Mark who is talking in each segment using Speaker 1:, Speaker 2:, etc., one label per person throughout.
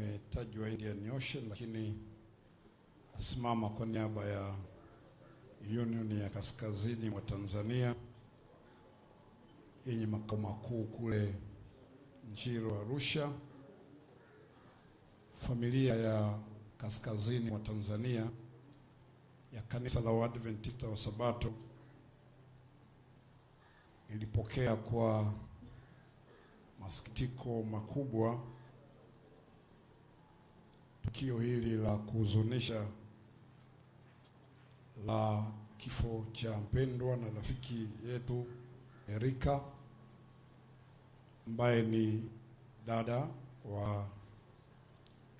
Speaker 1: imetajwa Indian Ocean, lakini nasimama kwa niaba ya Union ya Kaskazini mwa Tanzania yenye makao makuu kule Njiro, Arusha. Familia ya Kaskazini mwa Tanzania ya Kanisa la Waadventista wa Sabato ilipokea kwa masikitiko makubwa tukio hili la kuhuzunisha la kifo cha mpendwa na rafiki yetu Erika ambaye ni dada wa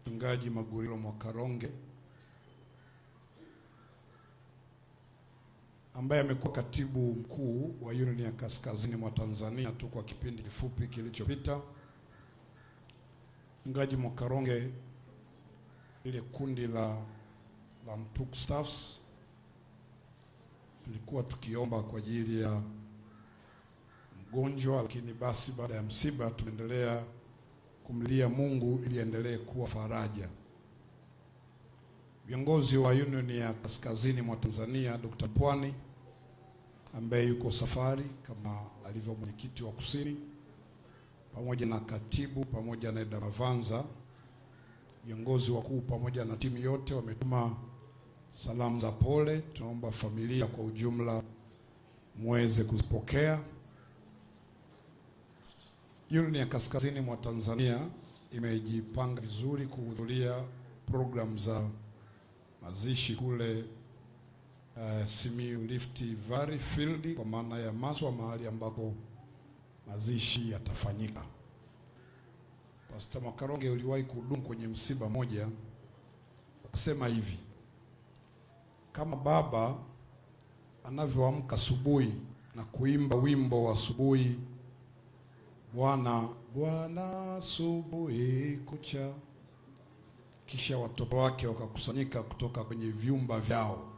Speaker 1: mchungaji Magurilo Mwakaronge ambaye amekuwa katibu mkuu wa Union ya Kaskazini mwa Tanzania tu kwa kipindi kifupi kilichopita. Mchungaji Mwakaronge lile kundi la, la MTUCU staffs tulikuwa tukiomba kwa ajili ya mgonjwa, lakini basi baada ya msiba tunaendelea kumlia Mungu ili endelee kuwa faraja. Viongozi wa Union ya Kaskazini mwa Tanzania, Dr. Pwani ambaye yuko safari kama alivyo mwenyekiti wa Kusini, pamoja na katibu, pamoja na Eda Mavanza viongozi wakuu pamoja na timu yote wametuma salamu za pole. Tunaomba familia kwa ujumla muweze kuzipokea. Union ya kaskazini mwa Tanzania imejipanga vizuri kuhudhuria programu za mazishi kule uh, eh, Simiyu Rift Valley Field, kwa maana ya Maswa, mahali ambapo mazishi yatafanyika. Pastor Makaronge, uliwahi kuhudumu kwenye msiba moja akasema hivi, kama baba anavyoamka asubuhi na kuimba wimbo wa asubuhi, Bwana Bwana asubuhi kucha, kisha watoto wake wakakusanyika kutoka kwenye vyumba vyao,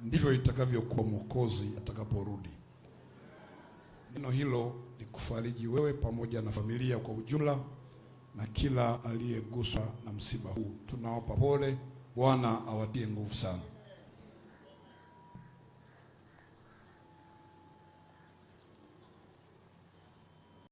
Speaker 1: ndivyo itakavyokuwa Mwokozi atakaporudi. Neno hilo likufariji wewe pamoja na familia kwa ujumla na kila aliyeguswa na msiba huu tunawapa pole. Bwana awatie nguvu sana.